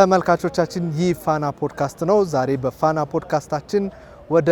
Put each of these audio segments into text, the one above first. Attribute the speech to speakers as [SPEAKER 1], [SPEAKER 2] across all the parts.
[SPEAKER 1] ተመልካቾቻችን ይህ ፋና ፖድካስት ነው። ዛሬ በፋና ፖድካስታችን ወደ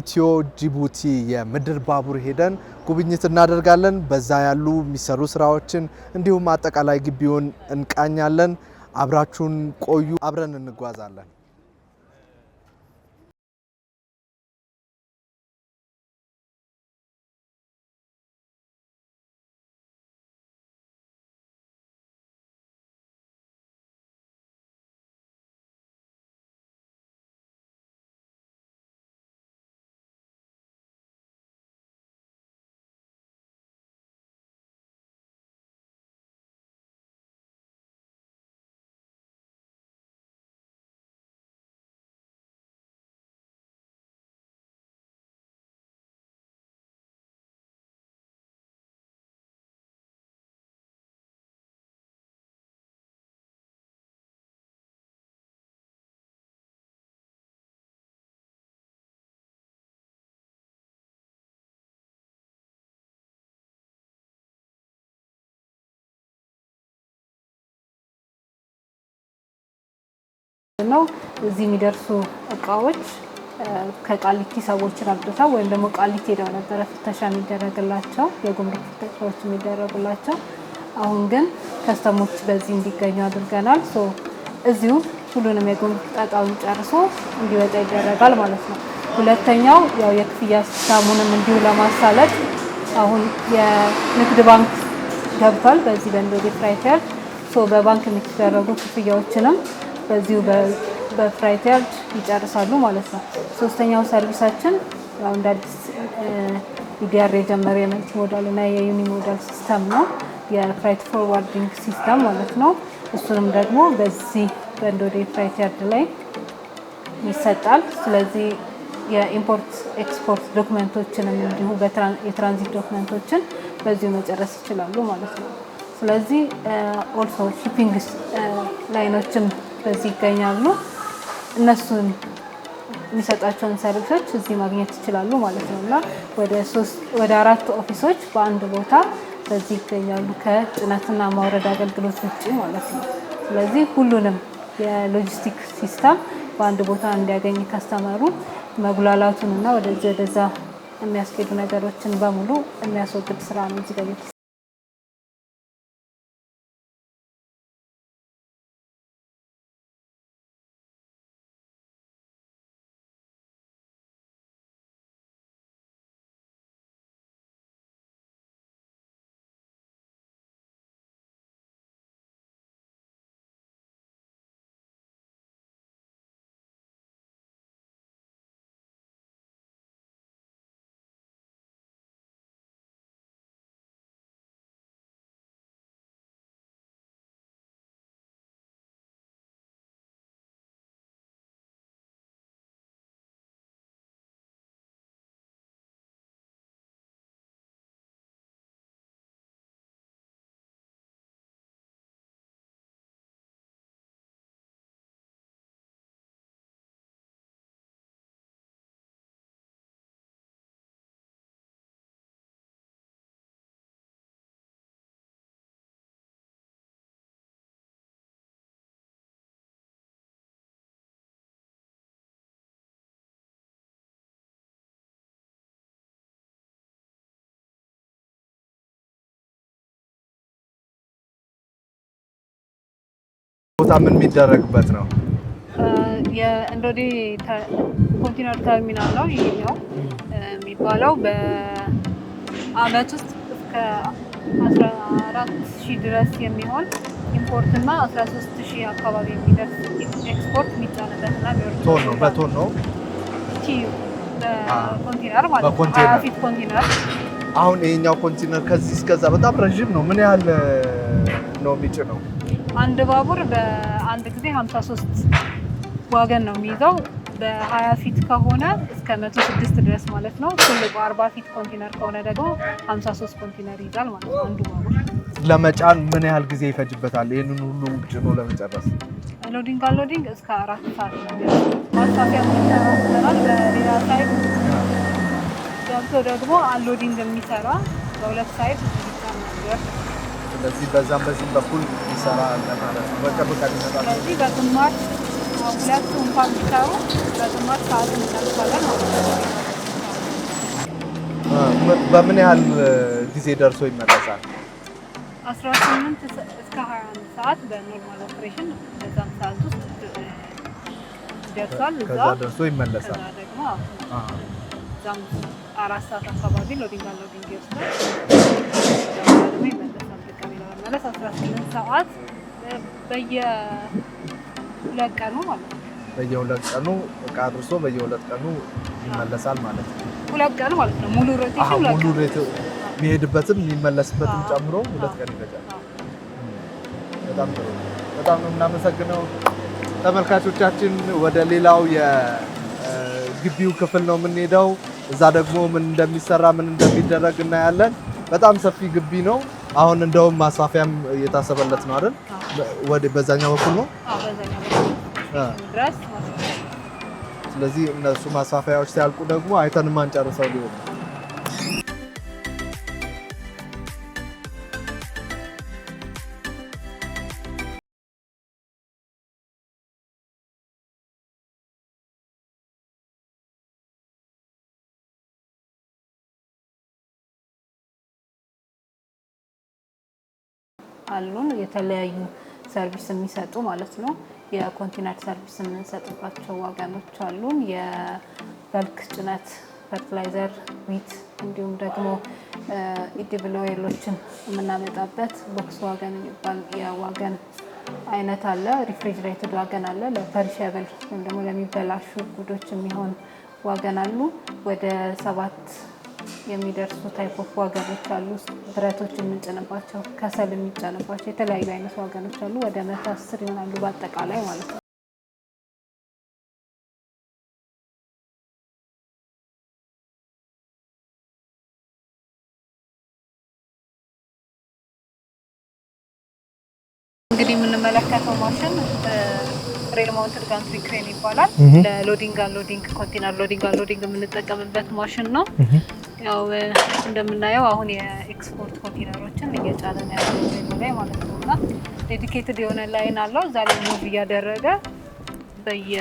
[SPEAKER 1] ኢትዮ ጅቡቲ የምድር ባቡር ሄደን ጉብኝት እናደርጋለን። በዛ ያሉ የሚሰሩ ስራዎችን እንዲሁም አጠቃላይ ግቢውን እንቃኛለን። አብራችሁን ቆዩ፣ አብረን እንጓዛለን።
[SPEAKER 2] ነው እዚህ የሚደርሱ እቃዎች ከቃሊቲ ሰዎች አምጥተው ወይም ደግሞ ቃሊቲ ሄደው ነበረ ፍተሻ የሚደረግላቸው የጉምሩክ ፍተሻዎች የሚደረጉላቸው። አሁን ግን ከስተሞች በዚህ እንዲገኙ አድርገናል። እዚሁ ሁሉንም የጉምሩክ ጣጣውን ጨርሶ እንዲወጣ ይደረጋል ማለት ነው። ሁለተኛው ያው የክፍያ ሲስተሙንም እንዲሁ ለማሳለጥ አሁን የንግድ ባንክ ገብቷል። በዚህ በንዶ ፍራይተር በባንክ የሚደረጉ ክፍያዎችንም በዚሁ በፍራይት ያርድ ይጨርሳሉ ማለት ነው። ሶስተኛው ሰርቪሳችን ያው እንደ አዲስ የጀመረ የመልቲ ሞዳል እና የዩኒ ሞዳል ሲስተም ነው። የፍራይት ፎርዋርዲንግ ሲስተም ማለት ነው። እሱንም ደግሞ በዚህ በእንዶዴ ፍራይት ላይ ይሰጣል። ስለዚህ የኢምፖርት ኤክስፖርት ዶክመንቶችንም እንዲሁ የትራንዚት ዶክመንቶችን በዚሁ መጨረስ ይችላሉ ማለት ነው። ስለዚህ ኦልሶ ሺፒንግ ላይኖችም በዚህ ይገኛሉ። እነሱን የሚሰጣቸውን ሰርቪሶች እዚህ ማግኘት ይችላሉ ማለት ነው እና ወደ አራት ኦፊሶች በአንድ ቦታ በዚህ ይገኛሉ ከጭነትና ማውረድ አገልግሎት ውጭ ማለት ነው። ስለዚህ ሁሉንም የሎጂስቲክ ሲስተም በአንድ ቦታ እንዲያገኝ ከስተመሩ መጉላላቱን እና ወደዚህ ወደዛ የሚያስኬዱ ነገሮችን በሙሉ የሚያስወግድ ስራ ነው እዚህ
[SPEAKER 1] ቦታ ምን የሚደረግበት ነው?
[SPEAKER 2] የእንዶዴ ኮንቲነር ተርሚናል ነው ይሄኛው የሚባለው። በአመት ውስጥ እስከ 14 ሺህ ድረስ የሚሆን ኢምፖርት እና 13 አካባቢ የሚደርስ ኤክስፖርት የሚጫንበት እና
[SPEAKER 1] ቶን ነው በቶን ነው
[SPEAKER 2] ቲዩ ማለት ነው።
[SPEAKER 1] ፊት አሁን ይሄኛው ኮንቲነር ከዚህ እስከዛ በጣም ረዥም ነው። ምን ያህል ነው የሚጭነው?
[SPEAKER 2] አንድ ባቡር በአንድ ጊዜ 53 ዋገን ነው የሚይዘው። በ20 ፊት ከሆነ እስከ 106 ድረስ ማለት ነው። ትልቁ 40 ፊት ኮንቲነር ከሆነ ደግሞ 53 ኮንቲነር ይይዛል ማለት ነው አንዱ ባቡር።
[SPEAKER 1] ለመጫን ምን ያህል ጊዜ ይፈጅበታል? ይህንን ሁሉ ጭኖ ለመጨረስ
[SPEAKER 2] ሎዲንግ አንሎዲንግ እስከ አራት ሰዓት ማስፋፊያ ሚሰራል። በሌላ ሳይድ ገብቶ ደግሞ አንሎዲንግ የሚሰራ በሁለት ሳይድ ይቻ
[SPEAKER 1] እንደዚህ በዛም በዚህም በኩል ይሰራ አለ ማለት ነው። በቅርብ ቀን ይመጣል።
[SPEAKER 2] ስለዚህ በግማሽ ሁለቱ እንኳን ቢሰሩ በግማሽ ሰዓት እንደርሳለን ማለት ነው።
[SPEAKER 1] በምን ያህል ጊዜ ደርሶ ይመለሳል?
[SPEAKER 2] 18 እስከ 21 ሰዓት በኖርማል ኦፕሬሽን በዛም ሰዓት ውስጥ ደርሷል።
[SPEAKER 1] እዛ ደርሶ ይመለሳል።
[SPEAKER 2] እዛም አራት ሰዓት አካባቢ ሎዲንግ አሎዲንግ ይወስዳል። ማለት 18 ሰዓት በየሁለት ቀኑ ማለት
[SPEAKER 1] በየሁለት ቀኑ እቃ አድርሶ በየሁለት ቀኑ ይመለሳል ማለት ነው።
[SPEAKER 2] ሁለት ቀን ማለት ነው። ሙሉ
[SPEAKER 1] ሮቴት የሚሄድበትም የሚመለስበትም ጨምሮ ሁለት ቀን ይፈጃል። በጣም ጥሩ። በጣም ነው የምናመሰግነው። ተመልካቾቻችን ወደ ሌላው የግቢው ክፍል ነው የምንሄደው። እዛ ደግሞ ምን እንደሚሰራ ምን እንደሚደረግ እናያለን። በጣም ሰፊ ግቢ ነው። አሁን እንደውም ማስፋፊያም እየታሰበለት ነው አይደል? ወደ በዛኛው በኩል ነው። ስለዚህ እነሱ ማስፋፊያዎች ሲያልቁ ደግሞ አይተን ማንጨርሰው ሊሆን
[SPEAKER 2] አሉን። የተለያዩ ሰርቪስ የሚሰጡ ማለት ነው። የኮንቲነር ሰርቪስ የምንሰጥባቸው ዋጋኖች አሉን። የበልክ ጭነት ፈርትላይዘር፣ ዊት እንዲሁም ደግሞ ኢድብል ኦይሎችን የምናመጣበት ቦክስ ዋገን የሚባል የዋገን አይነት አለ። ሪፍሪጅሬትድ ዋገን አለ። ለፐሪሸብል ወይም ደግሞ ለሚበላሹ ጉዶች የሚሆን ዋገን አሉ ወደ ሰባት የሚደርሱ ታይፖች ዋገኖች አሉ። ብረቶች የምንጭንባቸው፣ ከሰል የሚጫንባቸው የተለያዩ አይነት ዋገኖች አሉ። ወደ መቶ አስር ይሆናሉ በአጠቃላይ ማለት ነው። እንግዲህ የምንመለከተው ማሽን ሬል ማውንትድ ጋንትሪ ክሬን ይባላል። ለሎዲንግ አንሎዲንግ፣ ኮንቴነር ሎዲንግ አንሎዲንግ የምንጠቀምበት ማሽን ነው። ያው እንደምናየው አሁን የኤክስፖርት ኮንቴነሮችን እየጫነ ነው ያለው ላይ ማለት ነው። እና ዴዲኬትድ የሆነ ላይን አለው እዛ ላይ ሙቭ እያደረገ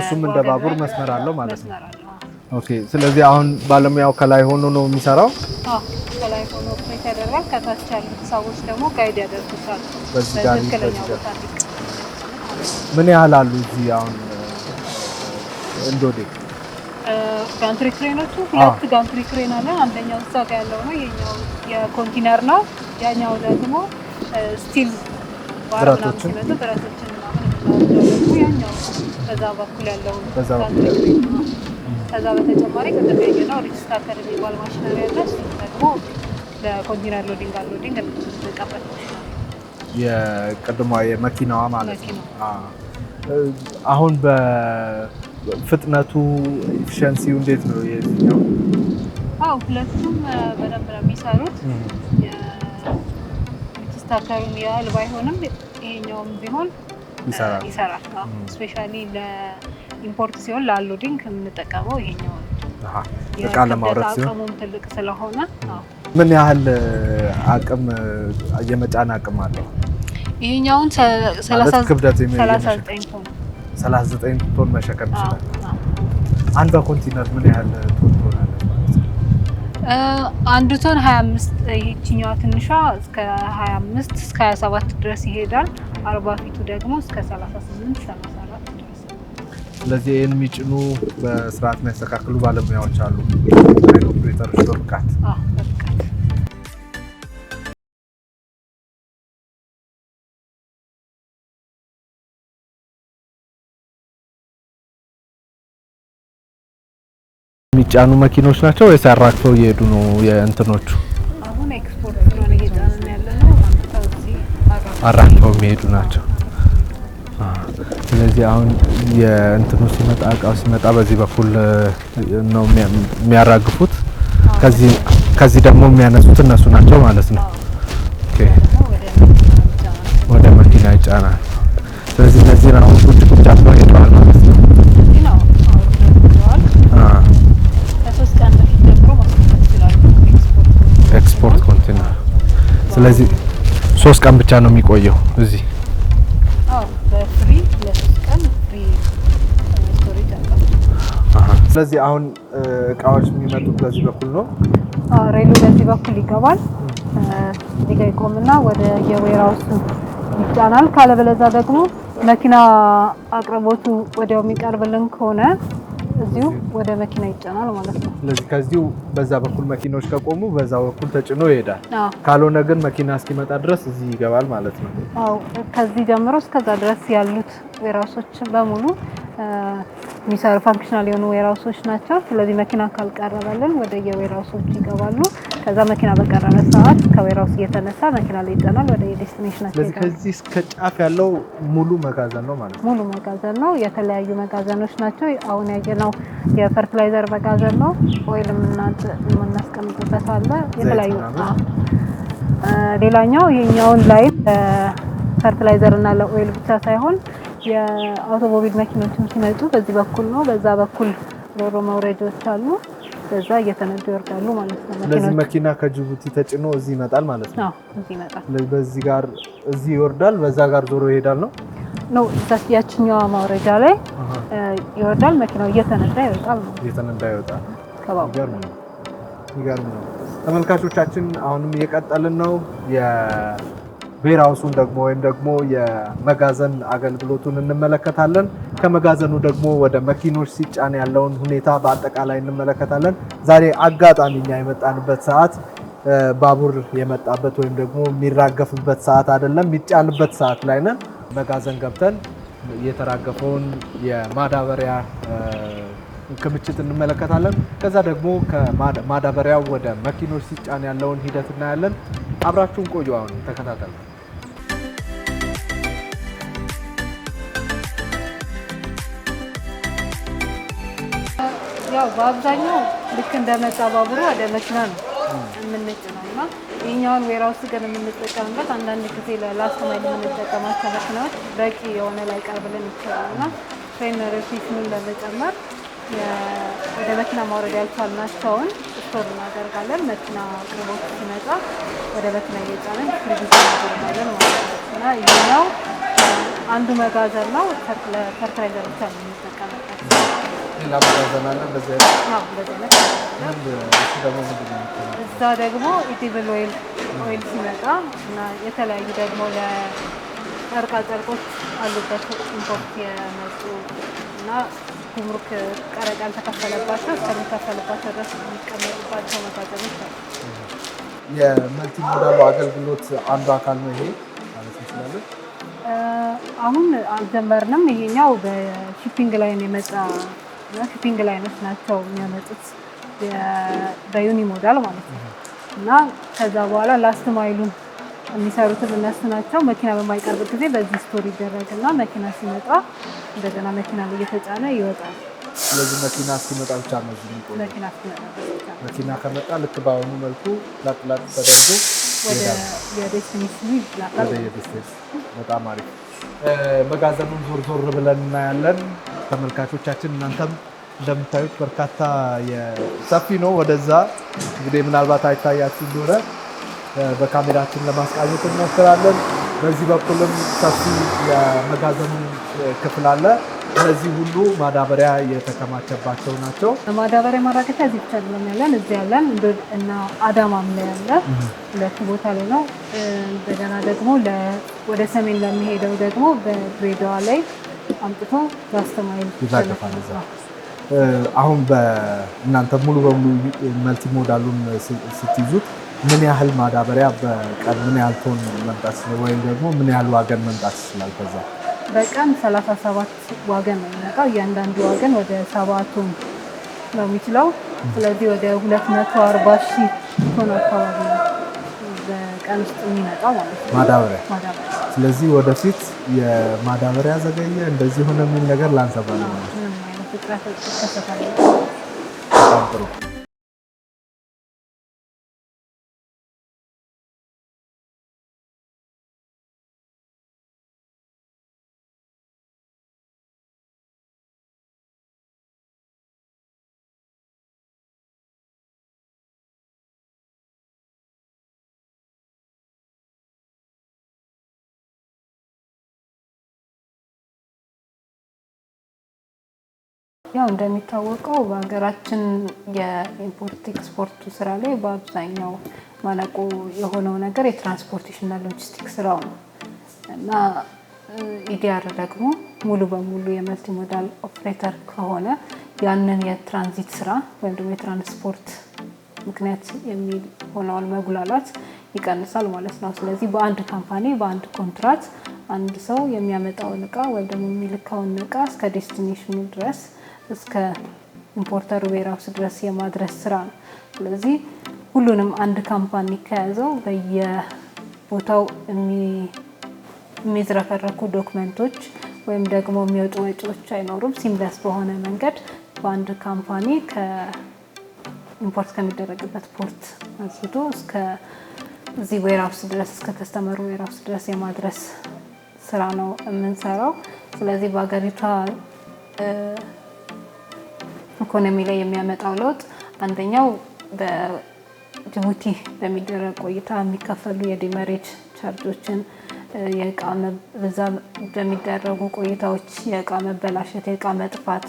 [SPEAKER 1] እሱም እንደ ባቡር መስመር አለው ማለት ነው። ኦኬ። ስለዚህ አሁን ባለሙያው ከላይ ሆኖ ነው የሚሰራው።
[SPEAKER 2] ከላይ ሆኖ ያደርጋል። ከታች ያሉት ሰዎች ደግሞ ጋይድ ያደርጉታል
[SPEAKER 1] በትክክለኛ ቦታ ምን ያህል አሉ እዚህ አሁን እንዶዴ?
[SPEAKER 2] ጋንትሪ ክሬኖቹ ሁለት ጋንትሪ ክሬን አለ። አንደኛው እዛ ጋ ያለው ነው የኛው የኮንቲነር ነው። ያኛው ደግሞ ስቲል ብረቶችን ያኛው በዛ በኩል ያለው ከዛ በተጨማሪ ከተለያየ ነው ሬጅስታተር የሚባል ማሽነሪ ያለ ደግሞ ለኮንቲነር ሎዲንግ አንሎዲንግ እንጠቀምበት
[SPEAKER 1] የቅድሟ የመኪናዋ ማለት ነው። አሁን በፍጥነቱ ኤፊሽንሲው እንዴት ነው የትኛው?
[SPEAKER 2] አዎ ሁለቱም በደንብ ነው የሚሰሩት። ስታርተሩም ያህል ባይሆንም ይሄኛውም ቢሆን ይሰራል። ስፔሻሊ ለኢምፖርት ሲሆን ለአሎዲንግ የምንጠቀመው ይሄኛው እቃ ለማውረድ ሲሆን አቅሙም ትልቅ ስለሆነ
[SPEAKER 1] ምን ያህል አቅም የመጫን አቅም አለው? ይሄኛውን 39 ቶን መሸከም ይችላል። አንዷ ኮንቲነር ምን ያህል ቶን ትሆናለች?
[SPEAKER 2] አንዱ ቶን 25 ይህችኛዋ ትንሿ እስከ 25 እስከ 27 ድረስ ይሄዳል። አርባ ፊቱ ደግሞ እስከ 38 34 ድረስ።
[SPEAKER 1] ስለዚህ ይህን የሚጭኑ በስርዓት የሚያስተካክሉ ባለሙያዎች አሉ። ኦፕሬተሮች በብቃት የሚጫኑ መኪኖች ናቸው ወይስ አራክተው እየሄዱ ነው? የእንትኖቹ
[SPEAKER 2] አሁን ኤክስፖርት ነው።
[SPEAKER 1] አራክተው የሚሄዱ ናቸው። ስለዚህ አሁን የእንትኑ ሲመጣ እቃው ሲመጣ በዚህ በኩል ነው የሚያራግፉት። ከዚህ ደግሞ የሚያነሱት እነሱ ናቸው ማለት ነው። ወደ መኪና ይጫናል። ስለዚህ እነዚህ አሁን ቁጭ ቁጭ አስበው ሄደዋል ማለት ነው። ስለዚህ ሶስት ቀን ብቻ ነው የሚቆየው እዚህ። ስለዚህ አሁን እቃዎች የሚመጡት በዚህ በኩል ነው።
[SPEAKER 2] ሬሉ በዚህ በኩል ይገባል። እዚህ ጋር ይቆምና ወደ የዌራውሱ ይጫናል። ካለበለዛ ደግሞ መኪና አቅርቦቱ ወዲያው የሚቀርብልን ከሆነ እዚሁ ወደ መኪና ይጫናል ማለት ነው።
[SPEAKER 1] ስለዚህ ከዚሁ በዛ በኩል መኪናዎች ከቆሙ በዛ በኩል ተጭኖ ይሄዳል። ካልሆነ ግን መኪና እስኪመጣ ድረስ እዚህ ይገባል ማለት ነው።
[SPEAKER 2] አዎ ከዚህ ጀምሮ እስከዛ ድረስ ያሉት ራሶች በሙሉ የሚሰሩ ፋንክሽናል የሆኑ ዌራውሶች ናቸው። ስለዚህ መኪና ካልቀረበልን ወደ የዌራውሶች ይገባሉ። ከዛ መኪና በቀረበ ሰዓት ከዌራውስ እየተነሳ መኪና ላይ ይጠናል ወደ የዴስቲኔሽናቸው።
[SPEAKER 1] ስለዚህ ከዚህ እስከ ጫፍ ያለው ሙሉ መጋዘን ነው ማለት
[SPEAKER 2] ነው። ሙሉ መጋዘን ነው። የተለያዩ መጋዘኖች ናቸው። አሁን ያየነው የፈርቲላይዘር መጋዘን ነው። ኦይል የምናስቀምጥበት አለ። የተለያዩ ሌላኛው የኛውን ላይ ፈርቲላይዘር እና ለኦይል ብቻ ሳይሆን የአውቶሞቢል መኪኖችም ሲመጡ በዚህ በኩል ነው። በዛ በኩል ሮሮ መውረጃዎች አሉ። በዛ እየተነዱ ይወርዳሉ ማለት ነው።
[SPEAKER 1] ስለዚህ መኪና ከጅቡቲ ተጭኖ እዚህ ይመጣል ማለት
[SPEAKER 2] ነው። እዚህ ይመጣል።
[SPEAKER 1] በዚህ ጋር እዚህ ይወርዳል፣ በዛ ጋር ዞሮ ይሄዳል ነው
[SPEAKER 2] ነው ያችኛዋ ማውረጃ ላይ ይወርዳል። መኪናው እየተነዳ ይወጣል ነው
[SPEAKER 1] እየተነዳ ይወጣል።
[SPEAKER 2] ይገርም ነው
[SPEAKER 1] ተመልካቾቻችን፣ አሁንም እየቀጠልን ነው። ዌርሃውሱን ደግሞ ወይም ደግሞ የመጋዘን አገልግሎቱን እንመለከታለን። ከመጋዘኑ ደግሞ ወደ መኪኖች ሲጫን ያለውን ሁኔታ በአጠቃላይ እንመለከታለን። ዛሬ አጋጣሚ እኛ የመጣንበት ሰዓት ባቡር የመጣበት ወይም ደግሞ የሚራገፍበት ሰዓት አይደለም፣ የሚጫንበት ሰዓት ላይ ነን። መጋዘን ገብተን የተራገፈውን የማዳበሪያ ክምችት እንመለከታለን። ከዛ ደግሞ ከማዳበሪያው ወደ መኪኖች ሲጫን ያለውን ሂደት እናያለን። አብራችሁን ቆዩ። አሁን ተከታተሉ።
[SPEAKER 2] ያው በአብዛኛው ልክ እንደመጣ ባቡሩ ወደ መኪና ነው የምንጭነው እና ይህኛውን ዌራውስ ግን የምንጠቀምበት አንዳንድ ጊዜ ለላስት ማይል የምንጠቀማቸው መኪናዎች በቂ የሆነ ላይ ቀርብልን ይችላል እና ትሬነር ፊትምን በመጨመር ወደ መኪና ማውረድ ያልቻልናቸውን ስቶር እናደርጋለን። መኪና አቅርቦት ሲመጣ ወደ መኪና እየጫነን ጊዜ እናደርጋለን ማለት ነው እና ይህኛው አንዱ መጋዘን ነው። ፈርትላይዘር ብቻ ነው የምንጠቀምበት እዛ ደግሞ ኢዲብል ኦይል ኦይል ሲመጣ እና የተለያዩ ደግሞ ለጨርቃ ጨርቆች አሉበት ኢምፖርት የመጡ እና ጉምሩክ ቀረጥ ያልተከፈለባቸው እስከሚከፈልባቸው ድረስ የሚቀመጡባቸው መጋዘኖች አሉ።
[SPEAKER 1] የመልቲ አገልግሎት አንዱ አካል ነው ይሄ ማለት እንችላለን።
[SPEAKER 2] አሁን አልጀመርንም። ይሄኛው በሺፒንግ ላይ የመጣ እና ሺፒንግ ላይኖች ናቸው የሚያመጡት በዩኒ ሞዳል ማለት ነው። እና ከዛ በኋላ ላስት ማይሉን የሚሰሩትን እነሱ ናቸው። መኪና በማይቀርብ ጊዜ በዚህ ስቶር ይደረግ ይደረግና መኪና ሲመጣ እንደገና መኪና ላይ እየተጫነ ይወጣል።
[SPEAKER 1] ስለዚህ መኪና እስኪመጣ ብቻ ነው መኪና መኪና ከመጣ ልክ በአሁኑ መልኩ ላጥላጥ ተደርጎ ወደ ይላል። በጣም አሪፍ መጋዘኑን ዞር ዞር ብለን እናያለን። ተመልካቾቻችን እናንተም እንደምታዩት በርካታ ሰፊ ነው። ወደዛ እንግዲህ ምናልባት አይታያችሁ እንደሆነ በካሜራችን ለማስቃኘት እንሞክራለን። በዚህ በኩልም ሰፊ የመጋዘኑ ክፍል አለ። እነዚህ ሁሉ ማዳበሪያ የተከማቸባቸው ናቸው።
[SPEAKER 2] ማዳበሪያ ማራገፊያ እዚህ ብቻ አይደለም ያለን፣ እዚህ ያለን ብር እና አዳማም ላይ ያለ ሁለቱ ቦታ ላይ ነው። እንደገና ደግሞ ወደ ሰሜን ለሚሄደው ደግሞ በድሬዳዋ ላይ አምጥቶ በአስተማሪ
[SPEAKER 1] ይታቀፋል። አሁን እናንተ ሙሉ በሙሉ መልቲ ሞዳሉን ስትይዙት ምን ያህል ማዳበሪያ በቀን ምን ያህል ቶን መምጣት ይችላል? ወይም ደግሞ ምን ያህል ዋገን መምጣት ይችላል? ከዛ
[SPEAKER 2] በቀን 37 ዋገን ነው የሚመጣው። እያንዳንዱ ዋገን ወደ ሰባቱ ነው የሚችለው። ስለዚህ ወደ 240 ሺህ ቶን አካባቢ ነው ቀን ውስጥ ማለት ነው
[SPEAKER 1] ማዳበሪያ። ስለዚህ ወደፊት የማዳበሪያ ዘገየ እንደዚህ ሆነ የሚል ነገር ላንሰባ ነው ማለት ነው።
[SPEAKER 2] ያው እንደሚታወቀው በሀገራችን የኢምፖርት ኤክስፖርቱ ስራ ላይ በአብዛኛው ማነቆ የሆነው ነገር የትራንስፖርቴሽንና ሎጂስቲክ ስራው ነው እና ኢዲአር ደግሞ ሙሉ በሙሉ የመልቲሞዳል ኦፕሬተር ከሆነ ያንን የትራንዚት ስራ ወይም ደግሞ የትራንስፖርት ምክንያት የሚሆነውን መጉላላት ይቀንሳል ማለት ነው። ስለዚህ በአንድ ካምፓኒ በአንድ ኮንትራት አንድ ሰው የሚያመጣውን እቃ ወይም ደግሞ የሚልካውን እቃ እስከ ዴስቲኔሽኑ ድረስ እስከ ኢምፖርተሩ ቤራውስ ድረስ የማድረስ ስራ ነው። ስለዚህ ሁሉንም አንድ ካምፓኒ ከያዘው በየቦታው የሚዝረከረኩ ዶክመንቶች ወይም ደግሞ የሚወጡ ወጪዎች አይኖሩም። ሲምለስ በሆነ መንገድ በአንድ ካምፓኒ ኢምፖርት ከሚደረግበት ፖርት አንስቶ እስከ እዚህ ዌርሃውስ ድረስ እስከ ከስተመሩ ዌርሃውስ ድረስ የማድረስ ስራ ነው የምንሰራው። ስለዚህ በሀገሪቷ ኢኮኖሚ ላይ የሚያመጣው ለውጥ አንደኛው በጅቡቲ በሚደረግ ቆይታ የሚከፈሉ የዲመሬጅ ቻርጆችን የእቃ በዛ በሚደረጉ ቆይታዎች የእቃ መበላሸት፣ የእቃ መጥፋት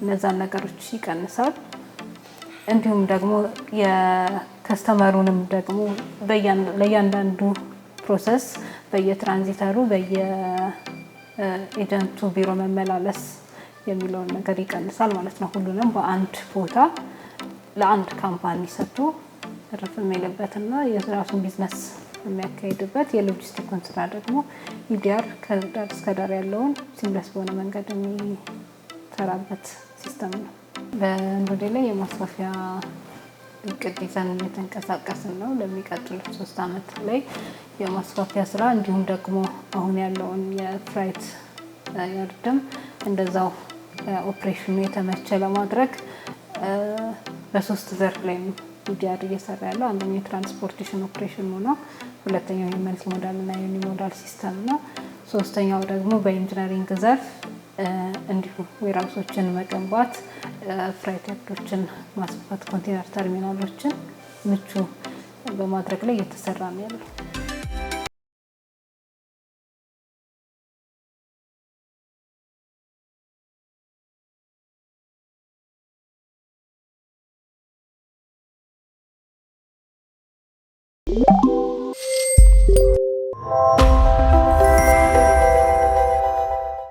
[SPEAKER 2] እነዛን ነገሮች ይቀንሳል። እንዲሁም ደግሞ የከስተመሩንም ደግሞ ለእያንዳንዱ ፕሮሰስ በየትራንዚተሩ በየኤጀንቱ ቢሮ መመላለስ የሚለውን ነገር ይቀንሳል ማለት ነው። ሁሉንም በአንድ ቦታ ለአንድ ካምፓኒ ሰጥቶ የሚልበት የለበትና የራሱን ቢዝነስ የሚያካሂድበት የሎጂስቲኩን ስራ ደግሞ ኢዲአር ከዳር እስከ ዳር ያለውን ሲምለስ በሆነ መንገድ የሚሰራበት ሲስተም ነው። በእንዶዴ ላይ የማስፋፊያ እቅድ ይዘን እየተንቀሳቀስን ነው። ለሚቀጥሉት ሶስት አመት ላይ የማስፋፊያ ስራ እንዲሁም ደግሞ አሁን ያለውን የፍራይት ያርድም እንደዛው ኦፕሬሽኑ የተመቸ ለማድረግ በሶስት ዘርፍ ላይ ነው ዲዲአር እየሰራ ያለው። አንደኛው የትራንስፖርቴሽን ኦፕሬሽኑ ነው። ሁለተኛው የመልቲ ሞዳል እና ሞዳል ሲስተም ነው። ሶስተኛው ደግሞ በኢንጂነሪንግ ዘርፍ እንዲሁም ዌራውሶችን መገንባት፣ ፍራይት ያርዶችን ማስፋት፣ ኮንቴነር ተርሚናሎችን ምቹ በማድረግ ላይ እየተሰራ ነው ያለው።